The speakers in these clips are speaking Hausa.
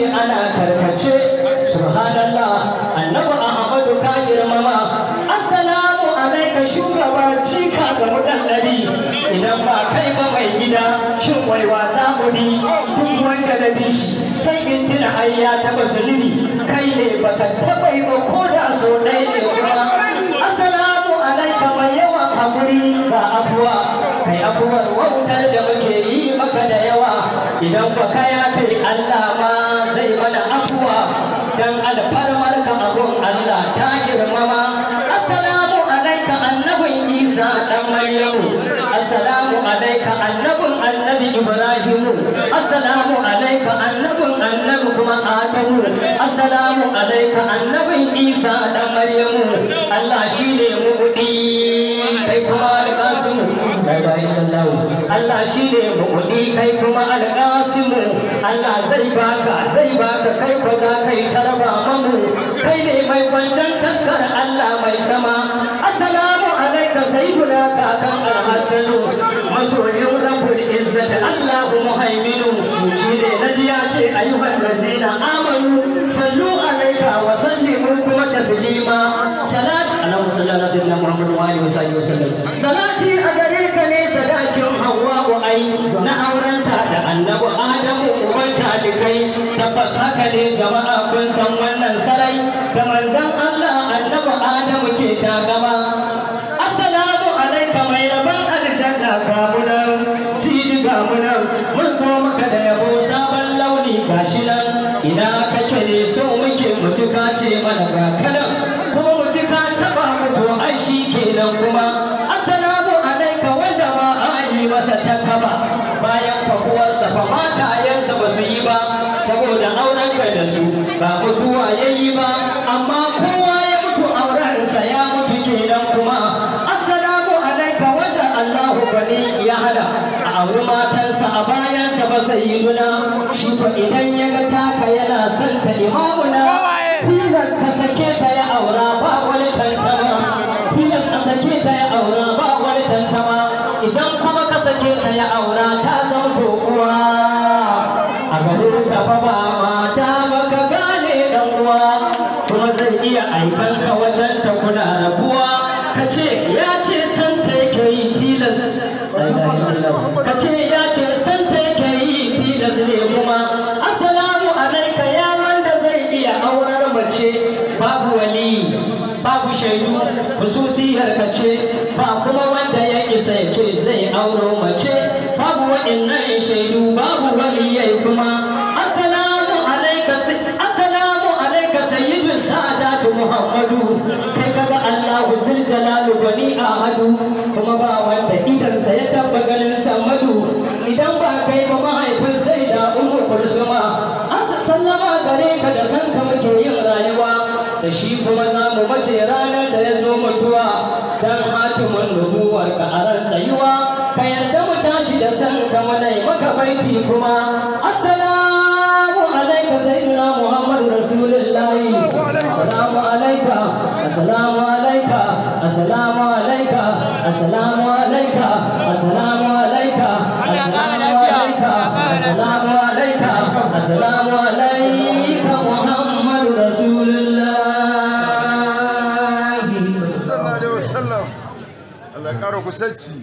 ce ana karkace subhanallah annabi ahmadu ka girmama assalamu alaika shugaba cika ga mutan idan ba kai ba mai gida shin wai wasa ku ni duk wanda da bi shi sai in tuna ai ya taba kai ne baka taba yi ba ko da so ɗaya ne kuma assalamu alaika mai yawa hakuri ga afuwa kai afuwar wautar da muke yi maka da yawa idan ba ka yafe Allah ba dan maryamu assalamu alayka annabun annabi ibrahimu assalamu alaika, annabin annabi kuma adamu assalamu alaika, annabin isa dan maryamu allah shi ne mu mubudi kai kuma alqasimu la ilaha illallah Allah shi ne mu mabuɗi kai kuma alƙasimu Allah zai baka zai baka kai ba za kai karaba mamu kai ne mai wannan taskar Allah mai sama assalamu alai ka sai kula ka kan alhasanu masoyin rabbul izzati allahu muhaiminu shine na diya ce ayyuhan lazina amanu sallu alai ka wa sallimu kuma taslima salatu ala musallala muhammadu wa alihi wa sahbihi a gare ka ne sadakin hawa wa ai na aurenta da annabi adamu uban ta da kai tabbas haka ne jama'a kun san wannan sarai da manzon allah annabi adamu ke ta gaba gamunan sidi gamunan mun so maka da yabo sabon launi gashi nan ina kake ne so muke mutuka ce mana ga kuma mutuka taba mutu ai shi kenan kuma assalamu alaika wanda ma an yi masa takaba bayan fakuwarsa fa matayensa ba su yi ba saboda aurenka da su ba mutuwa yayi ba amma ko Allahu bani ya hada a auri matansa a bayan ba sayyiduna shi ko idan ya ga taka yana son ta imamuna tilas ka sake ta ya aura ba wani tantama tilas ka sake ta ya aura ba wani tantama idan kuma ka sake ta ya aura ta zama kokowa su ne kuma assalamu alaika ya wanda zai iya aurar mace babu wali babu shaidu hususi harkace ba kuma wanda ya isa ya ce zai auro mace babu waɗannan shaidu babu ya yi kuma assalamu alaika assalamu alaika sayyidu sa'adatu muhammadu kai kaga allahu zil jalalu bani ahadu kuma ba wanda idan sa ya tabba ganin samadu idan ba kai ba kurzuma an sallama gare ka da san muke yin rayuwa da shi kuma za mu mace ranar da ya zo mutuwa dan hatimin nubuwar ka a ran tsayuwa ka yarda mu tashi da san ka munai maka baiti kuma assalamu alaika sayyidina muhammadu rasulullahi assalamu alaika assalamu alaika assalamu alaika السلام عليك محمد رسول الله صلى الله عليه وسلم الله يكرمك سيدي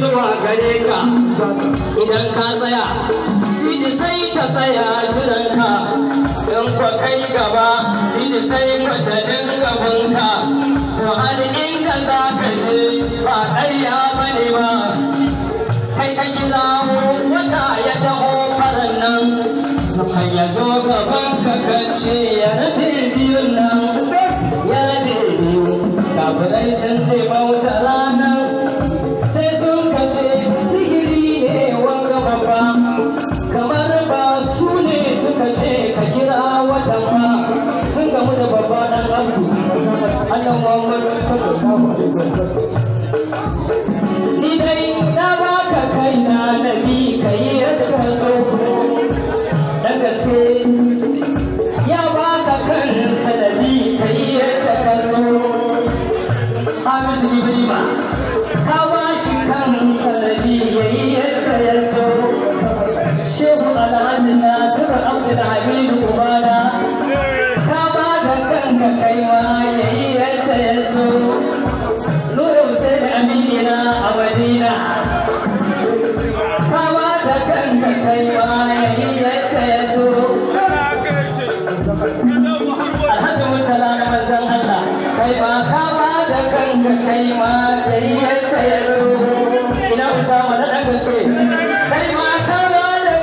zuwa gare ka idan ka tsaya shi ne sai ka tsaya jiranka don kwa kai gaba shi ne sai kwatanin gabanka to har in ka za ka je ba ƙarya ba ne ba kai ka gila wata ya taho faran nan zaman ya zo gaban ka kace ya rufe biyun nan ya rufe biyu kafirai sun taimauta rana sallallahu alaihi na baka kai yadda daga ya baka kan sanadi kai yadda ka ka ba kanka kai ya so na Allah kai ba kanka kai ma ya ya so ina usama na ɗan gaske kai ma kanka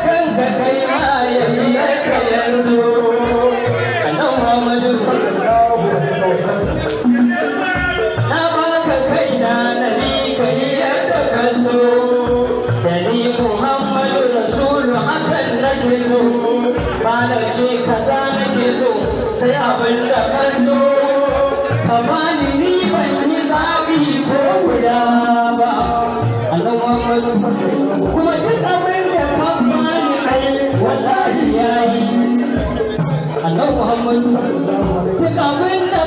kai ma ya so ce kaza nake so sai abin da ka so ka bani ni ban yi zaɓi ko guda ba Allah Muhammadu kuma duk abin da ka bani kai wallahi yayi Allah Muhammadu duk abin da